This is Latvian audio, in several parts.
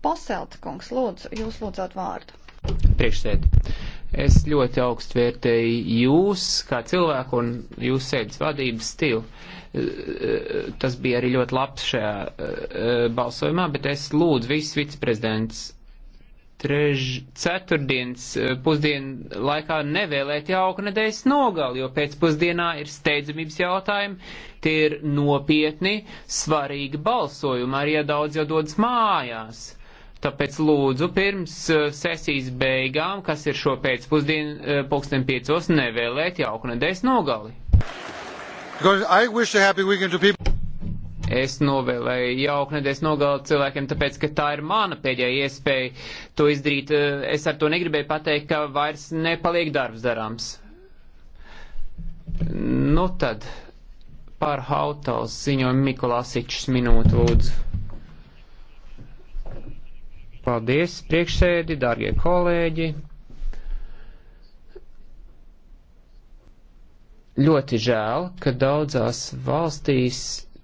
Paselt, kungs, lūdzu, jūs lūdzot vārdu. Priekšsēd. Es ļoti augstu vērtēju jūs kā cilvēku un jūs sēdes vadības stilu. Eh, eh, tas bija arī ļoti labs šajā eh, balsojumā, bet es lūdzu visus viceprezidents trež, ceturtdienas pusdienu laikā nevēlēt jauku nedēļas nogali, jo pēcpusdienā ir steidzamības jautājumi, tie ir nopietni, svarīgi balsojumi, arī ja daudz jau dodas mājās. Tāpēc lūdzu pirms uh, sesijas beigām, kas ir šo pēcpusdienu uh, pulksten piecos, nevēlēt jauku nedēļas nogali. Es novēlēju jauku nedēļas nogali cilvēkiem, tāpēc, ka tā ir mana pēdējā iespēja to izdarīt. Uh, es ar to negribēju pateikt, ka vairs nepaliek darbs darāms. Nu tad, par hautals ziņojumu Mikulāsičs minūtu lūdzu. Paldies, priekšsēdi, dārgie kolēģi. Ļoti žēl, ka daudzās valstīs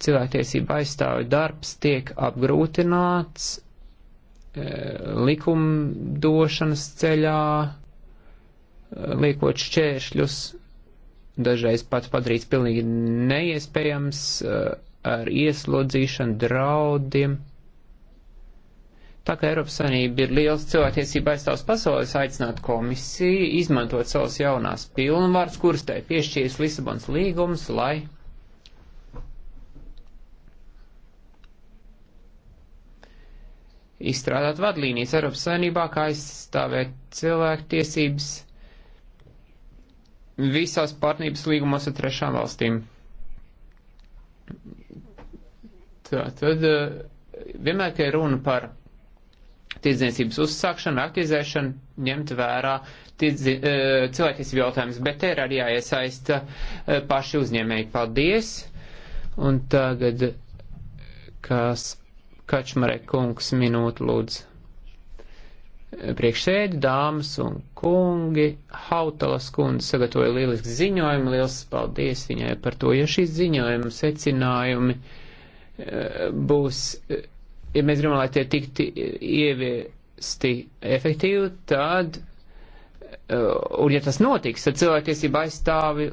cilvēktiesība aizstāvi darbs tiek apgrūtināts eh, likumdošanas ceļā, eh, liekot šķēršļus, dažreiz pat padarīts pilnīgi neiespējams eh, ar ieslodzīšanu, draudiem. Tā kā Eiropas Savienība ir liels cilvēktiesība aizstāvs pasaules, aicināt komisiju izmantot savas jaunās pilnvārds, kuras tai piešķīris Lisabons līgums, lai izstrādāt vadlīnijas Eiropas Savienībā, kā aizstāvēt cilvēktiesības visās partnības līgumos ar trešām valstīm. Tā tad eh, vienmēr, ka ir runa par tirdzniecības uzsākšana, aktivizēšana, ņemt vērā tirdzi, e, cilvēktiesību jautājumus, bet te ir arī jāiesaista e, paši uzņēmēji. Paldies! Un tagad, e, kas Kačmarek kungs minūtu lūdzu. Priekšsēdi, dāmas un kungi, Hautalas kundze sagatavoja lielisku ziņojumu, liels paldies viņai par to, ja šīs ziņojuma secinājumi būs ja mēs gribam, lai tie tiktu ieviesti efektīvi, tad, uh, un ja tas notiks, tad cilvēktiesība aizstāvi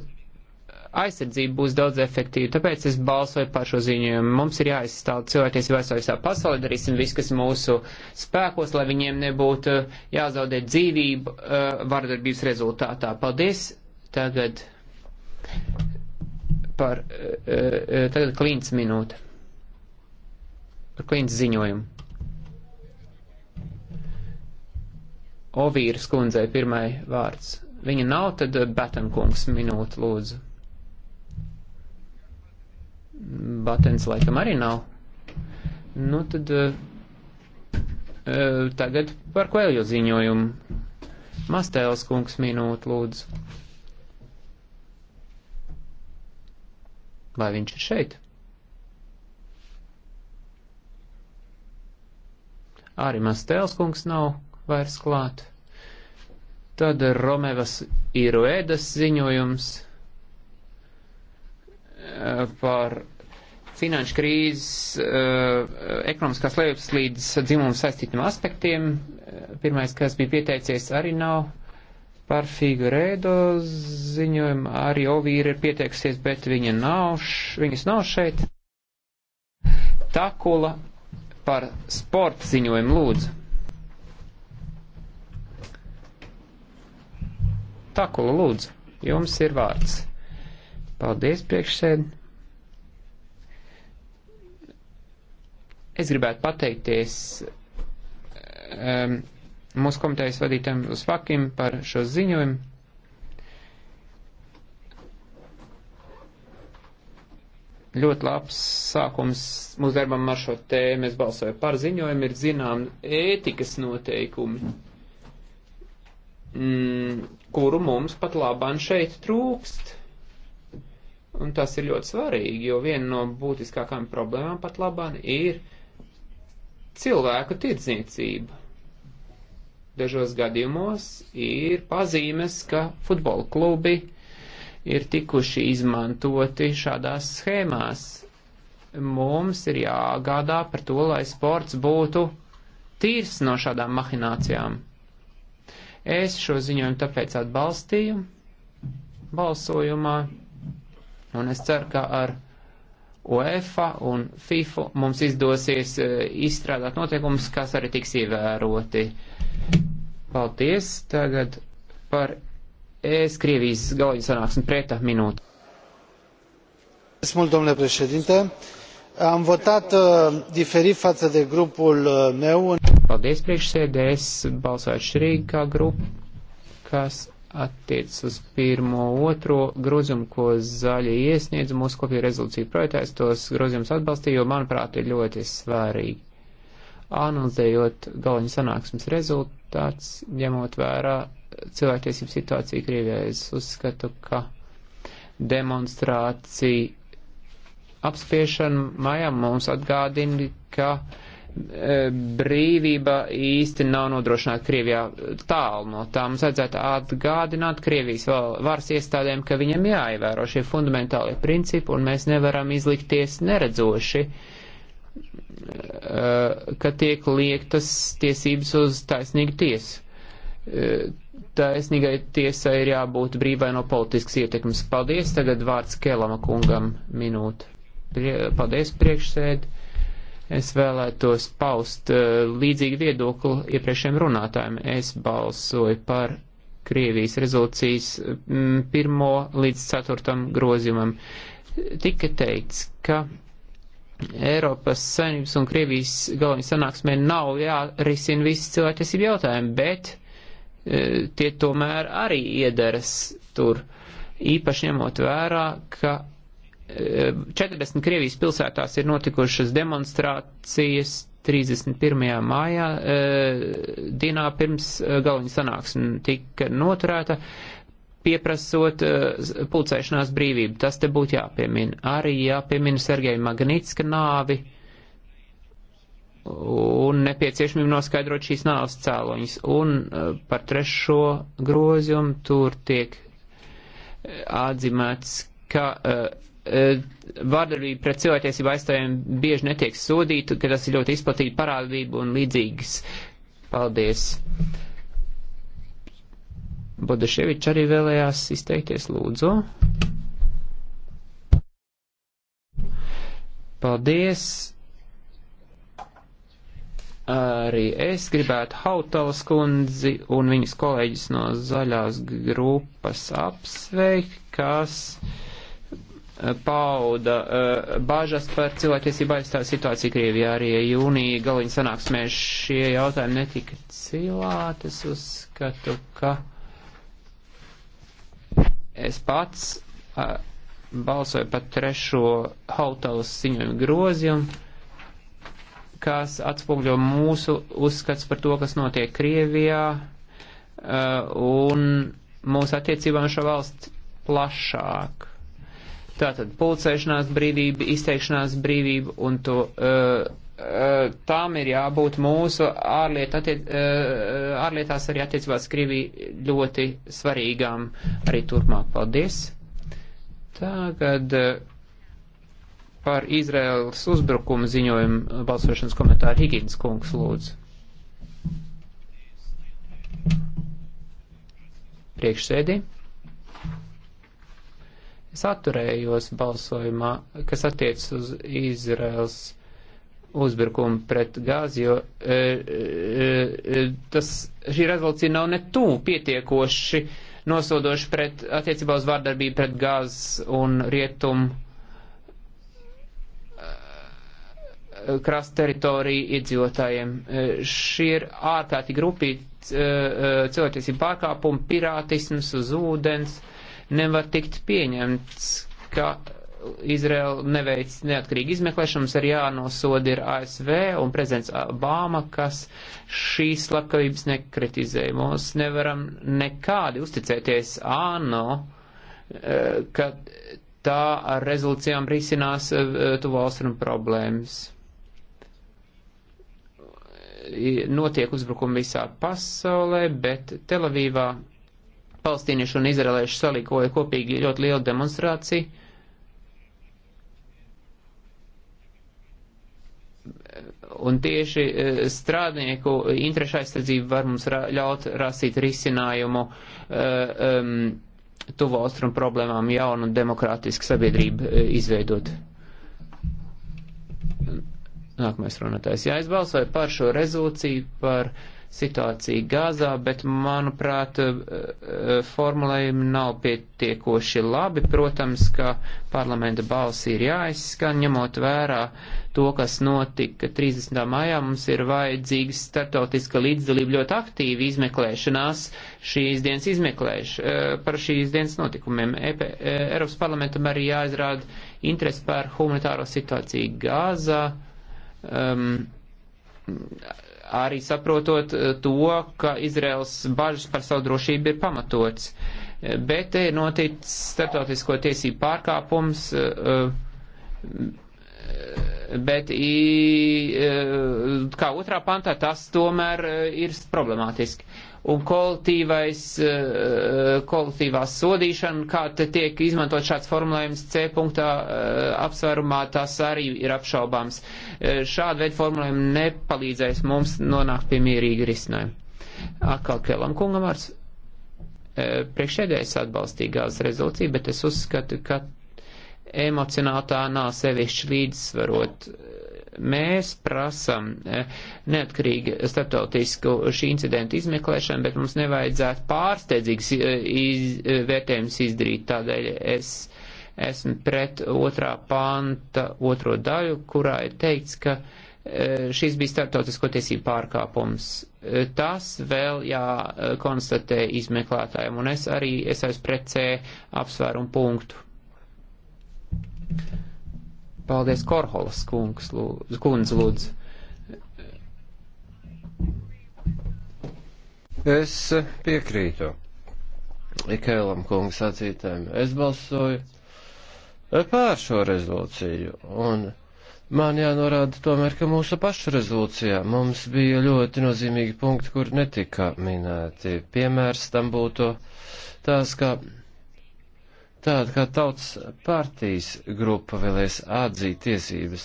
aizsardzība būs daudz efektīva. Tāpēc es balsoju par šo ziņojumu. Mums ir jāaizstāv cilvēktiesība aizstāv visā pasaulē, darīsim visu, kas mūsu spēkos, lai viņiem nebūtu uh, jāzaudē dzīvību uh, vardarbības rezultātā. Paldies! Tagad par, tagad klīns minūte par klīnas ziņojumu. Ovīras kundzei pirmai vārds. Viņa nav, tad eh, Batenkungs minūte lūdzu. Batens laikam arī nav. Nu tad uh, tagad par kvēļu ziņojumu. Mastēls kungs minūte lūdzu. Vai viņš ir šeit? arī Mastēls kungs nav vairs klāt. Tad Romevas Iruēdas ziņojums eh, par finanšu krīzes, eh, ekonomiskās lejups līdz dzimumu saistītiem aspektiem. Eh, pirmais, kas bija pieteicies, arī nav par Figuredo ziņojumu. Arī Ovīra ir pieteikusies, bet viņa nav, viņas nav šeit. Takula par sporta ziņojumu lūdzu. Takula lūdzu, jums ir vārds. Paldies priekšsēd. Es gribētu pateikties um, mūsu komitejas vadītājiem uz fakiem par šo ziņojumu. ļoti labs sākums mūsu darbam ar šo tēmu. Es balsoju par ziņojumu, ir zinām ētikas noteikumi, mm, kuru mums pat labāk šeit trūkst. Un tas ir ļoti svarīgi, jo viena no būtiskākām problēmām pat labāk ir cilvēku tirdzniecība. Dažos gadījumos ir pazīmes, ka futbola klubi uh, ir tikuši izmantoti šādās schēmās. Mums ir jāgādā par to, lai sports būtu tīrs no šādām mahinācijām. Es šo ziņojumu tāpēc atbalstīju balsojumā, un es ceru, ka ar UEFA un FIFA mums izdosies e, izstrādāt noteikumus, kas arī tiks ievēroti. Paldies! Tagad par es Krievijas galviņu sanāksmi projektā minūte. Domnule președinte, am votat uh, diferit față de grupul uh, meu. Paldies, priekšsēdē, es balsoju atšķirīgi kā grupa, kas attiec uz pirmo, otro grozījumu, ko zaļie iesniedz mūsu kopīja rezolūcija projektā. Es tos grozījumus atbalstīju, jo, manuprāt, ir ļoti svarīgi analizējot galvenā sanāksmes rezultāts, ņemot vērā cilvēktiesību situāciju Krievijā. Es uzskatu, ka demonstrācija apspiešana mājā mums atgādina, ka e, brīvība īsti nav nodrošināta Krievijā tālu no tā. Mums vajadzētu atgādināt Krievijas varas iestādēm, ka viņam jāievēro šie fundamentālie principi, un mēs nevaram izlikties neredzoši. Uh, Eh, ka tiek liektas tiesības uz taisnīgu tiesu. Eh, taisnīgai tiesai ir jābūt brīvai no politiskas ietekmes. Paldies, tagad vārds Kelama kungam minūte. Paldies, priekšsēd. Es vēlētos paust eh, līdzīgu viedokli iepriekšējiem runātājiem. Es balsoju par Krievijas rezolūcijas mm, pirmo līdz ceturtam grozījumam. Tika teikts, ka Eiropas Savienības un Krievijas galvenajā sanāksmē nav jārisina visi cilvēktiesību jautājumi, bet e, tie tomēr arī iedaras tur, īpaši ņemot vērā, ka e, 40 Krievijas pilsētās ir notikušas demonstrācijas 31. mājā e, dienā pirms e, galvenajā sanāksmē tika noturēta. E, pieprasot uh, pulcēšanās brīvību. Tas te būtu jāpiemina. Arī jāpiemina Sergeja Magnitska nāvi un nepieciešamību noskaidrot šīs nāves cēloņus. Un uh, par trešo grozījumu tur tiek eh, atzīmēts, ka uh, vārdarbība pret cilvēktiesību aizstāvjiem bieži netiek sodīta, ka tas ir ļoti izplatīta parādība un līdzīgas. Paldies! Bodaševičs arī vēlējās izteikties lūdzu. Paldies! Arī es gribētu Hautalas kundzi un viņas kolēģis no zaļās grupas apsveikt, kas eh, pauda uh, bāžas par cilvēktiesību aizstāvu situāciju Krievijā. Arī jūnija galiņa sanāksmē šie jautājumi netika cilāti. Es uzskatu, ka Es pats uh, balsoju par trešo hautalas ziņojumu grozījumu, kas atspūgļo mūsu uzskats par to, kas notiek Krievijā uh, un mūsu attiecībām šo valstu plašāk. Tātad pulcēšanās brīvība, izteikšanās brīvība un to uh, Eh, tām ir jābūt mūsu ārliet, attiec, eh, ārlietās arī attiecībās Krieviju ļoti svarīgām arī turpmāk. Paldies! Tagad eh, par Izraels uzbrukumu ziņojumu balsošanas komentāru Higīnas kungs lūdzu. Priekšsēdī. Es atturējos balsojumā, kas attiec uz Izraels uzbrukumu pret gāzi, jo e, e, e, tas, šī rezolūcija nav ne tū pietiekoši nosodoši pret attiecībā uz vārdarbību pret gāzes un rietumu e, krasta teritoriju iedzīvotājiem. E, šie ir ārkārtīgi rūpīgi e, cilvēktiesību pārkāpumi, pirātisms uz ūdens nevar tikt pieņemts, ka Izraela neveic neatkarīgi izmeklēšanas, arī jānosoda ir ASV un prezidents Obama, kas šīs slepkavības nekritizē. Mums nevaram nekādi uzticēties ANO, eh, ka tā ar rezolūcijām risinās eh, tuvu austrumu problēmas. Notiek uzbrukumi visā pasaulē, bet Telavīvā palestīnieši un izraelieši salīkoja kopīgi ļoti lielu demonstrāciju Un tieši e, strādnieku interešu aizsardzība var mums ra ļaut rasīt risinājumu um, e, tuvo austrumu problēmām jaunu demokrātisku sabiedrību e, izveidot. Nākamais runātājs jāizbalsoja par šo rezolūciju, par uh, situāciju Gāzā, bet, manuprāt, eh, eh, formulējumi nav pietiekoši labi. Protams, ka parlamenta balsi ir jāizskan, ņemot vērā to, kas notika 30. maijā. Mums ir vajadzīga startautiska līdzdalība ļoti aktīvi izmeklēšanās šīs dienas izmeklēš, eh, par šīs dienas notikumiem. EP, Eiropas parlamentam arī jāizrāda interesi par humanitāro situāciju Gāzā. Um, arī saprotot eh, to, ka Izraels bažas par savu drošību ir pamatots. Eh, bet te eh, ir noticis starptautisko tiesību pārkāpums. Uh, bet i, e, kā otrā pantā tas tomēr e, ir problemātiski. Un kolektīvais, e, kolektīvā sodīšana, kā te tiek izmantot šāds formulējums C punktā apsvērumā, tas arī ir apšaubāms. Šāda veida formulējumi nepalīdzēs mums nonākt pie mierīga risinājuma. Atkal Kelam kungam vārds. Priekšēdējais atbalstīgās rezolūcija, bet es uzskatu, ka emocionāli tā nav sevišķi līdzsvarot. Mēs prasam e, neatkarīgi starptautisku šī incidenta izmeklēšanu, bet mums nevajadzētu pārsteidzīgs e, iz, e, vērtējums izdarīt. Tādēļ es esmu pret otrā panta otro daļu, kurā ir teikts, ka šis bija starptautisko tiesību pārkāpums. Tas vēl jākonstatē izmeklētājiem, un es arī es esmu pret C apsvērumu punktu Paldies, Korholas kungs, lūdzu, kundze, lūdzu. Es piekrītu Ikēlam kungu sacītēm. Es balsoju pār šo rezolūciju. Un man jānorāda tomēr, ka mūsu pašu rezolūcijā mums bija ļoti nozīmīgi punkti, kur netika minēti. Piemērs tam būtu tās, ka Tāda kā tautas partijas grupa vēlēs atzīt tiesības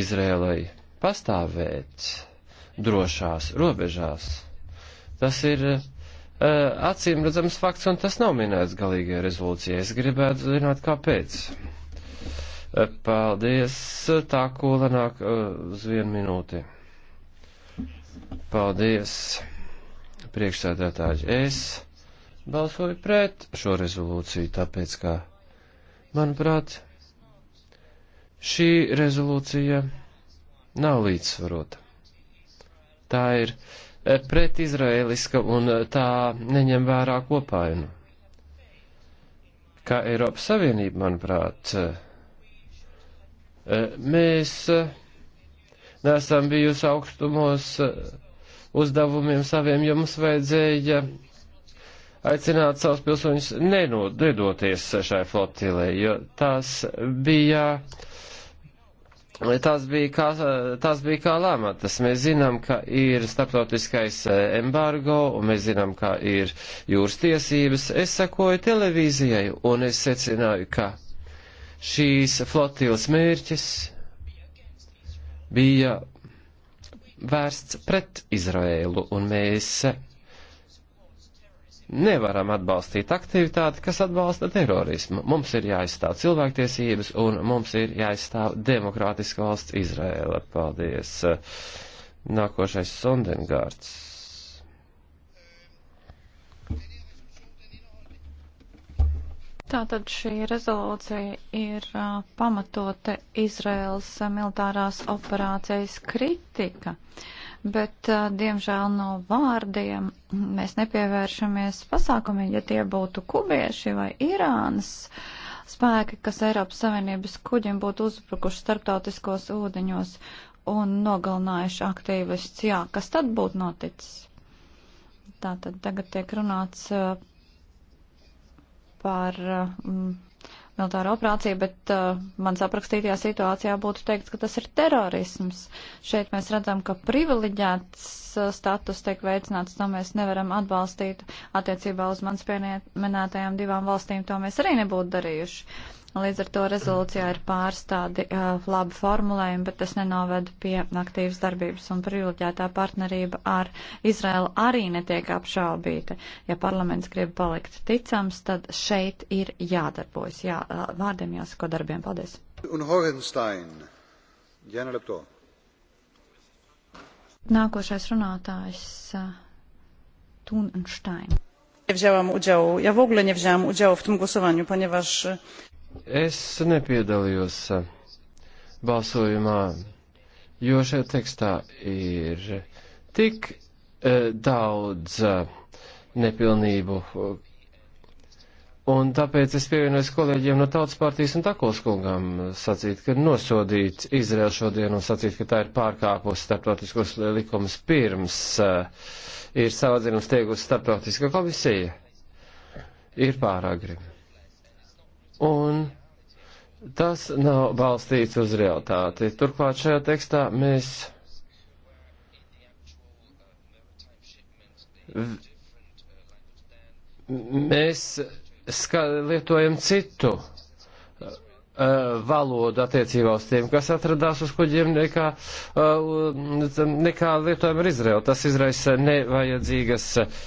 Izrēlai pastāvēt drošās robežās. Tas ir uh, acīm redzams fakts, un tas nav minēts galīgajā rezolūcijā. Es gribētu zināt, kāpēc. Eh, paldies, tā kolanāk uh, eh, uz vienu minūti. Paldies, priekšsēdētāji. Es balsoju pret šo rezolūciju, tāpēc kā, manuprāt, šī rezolūcija nav līdzsvarota. Tā ir eh, pret izraēliska un eh, tā neņem vērā kopainu. Kā Eiropas Savienība, manuprāt, eh, mēs neesam bijusi augstumos uzdevumiem saviem, jo mums vajadzēja aicināt savus pilsoņus nedoties šai flotilē, jo tās bija. Tas bija, kā, tas bija kā lamatas. Mēs zinām, ka ir starptautiskais e, embargo, un mēs zinām, ka ir jūras tiesības. Es sakoju televīzijai, un es secināju, ka šīs flotīles mērķis bija vērsts pret Izraēlu, un mēs nevaram atbalstīt aktivitāti, kas atbalsta terorismu. Mums ir jāizstāv cilvēktiesības un mums ir jāizstāv demokrātiska valsts Izrēla. Paldies. Nākošais Sondengārds. Tātad šī rezolūcija ir uh, pamatota Izraels militārās operācijas kritika. Uh, bet, uh, diemžēl, no vārdiem mēs nepievēršamies pasākumiem, ja tie būtu kubieši vai Irānas spēki, kas Eiropas Savienības kuģiem būtu uzbrukuši starptautiskos ūdeņos un nogalinājuši aktīvistus. Jā, kas tad būtu noticis? Tātad tagad tiek runāts uh, par. Uh, militāra operācija, bet uh, man aprakstītajā situācijā būtu teikts, ka tas ir terorisms. Šeit mēs redzam, ka privileģēts uh, status tiek veicināts, to mēs nevaram atbalstīt attiecībā uz manas pieminētajām divām valstīm, to mēs arī nebūtu darījuši. Līdz ar to rezolūcijā ir pārstādi uh, labi formulējumi, bet tas nenoved pie aktīvas darbības un privileģētā partnerība ar Izraelu arī netiek apšaubīta. Ja parlaments grib palikt ticams, tad šeit ir jādarbojas. Jā, uh, vārdiem jāsako darbiem. Paldies. Un Hohenstein. Jāna Lepto. Nākošais runātājs uh, Tunstein. Nie wzięłam udziału, ja w ogóle nie wzięłam udziału w tym głosowaniu, ponieważ Es nepiedalījos eh, balsojumā, jo šajā tekstā ir tik eh, daudz eh, nepilnību. Un tāpēc es pievienojos kolēģiem no Tautas partijas un Takols kungam sacīt, ka nosodīt Izraelu šodien un sacīt, ka tā ir pārkāpusi starptautiskos likumus pirms uh, ir savadzinums tiegusi starptautiska komisija, ir pārāk grim un tas nav balstīts uz realitāti. Turklāt šajā tekstā mēs mēs lietojam citu uh, valodu attiecībā uz tiem, kas atradās uz kuģiem, nekā, uh, nekā lietojam ar Izraelu. Tas izraisa nevajadzīgas uh,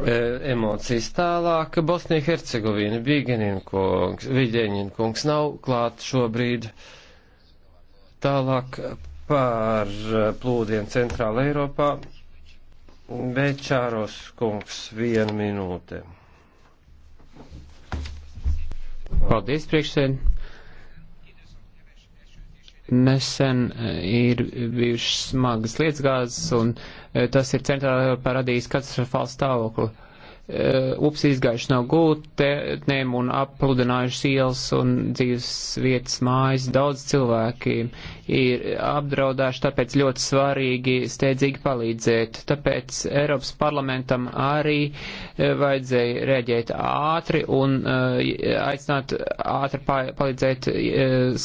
E, emocijas tālāk. Bosnija Hercegovina, Vigeninkungs, Vigeninkungs nav klāt šobrīd. Tālāk par e, plūdiem Centrāla Eiropā. Bečāros kungs, viena minūte. Paldies, priekšsēdētāji nesen e, ir bijušas smagas lietas gāzes, un e, tas ir centrāli parādījis katastrofālu stāvokli. Uh, upes izgājuši no gultnēm un apludinājuši ielas un dzīves vietas mājas. Daudz cilvēki ir apdraudāši, tāpēc ļoti svarīgi steidzīgi palīdzēt. Tāpēc Eiropas parlamentam arī uh, vajadzēja reaģēt ātri un uh, aicināt ātri palīdzēt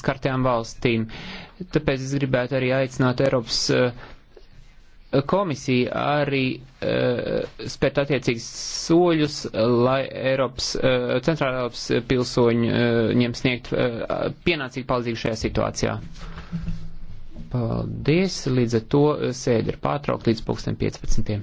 skartajām valstīm. Tāpēc es gribētu arī aicināt Eiropas parlamentu komisija arī uh, spērt attiecīgus soļus, lai Eiropas, uh, centrāla Eiropas pilsoņi uh, ņem sniegt uh, pienācīgu palīdzību šajā situācijā. Paldies, līdz ar to sēdi ir pārtraukt līdz pulksten 15.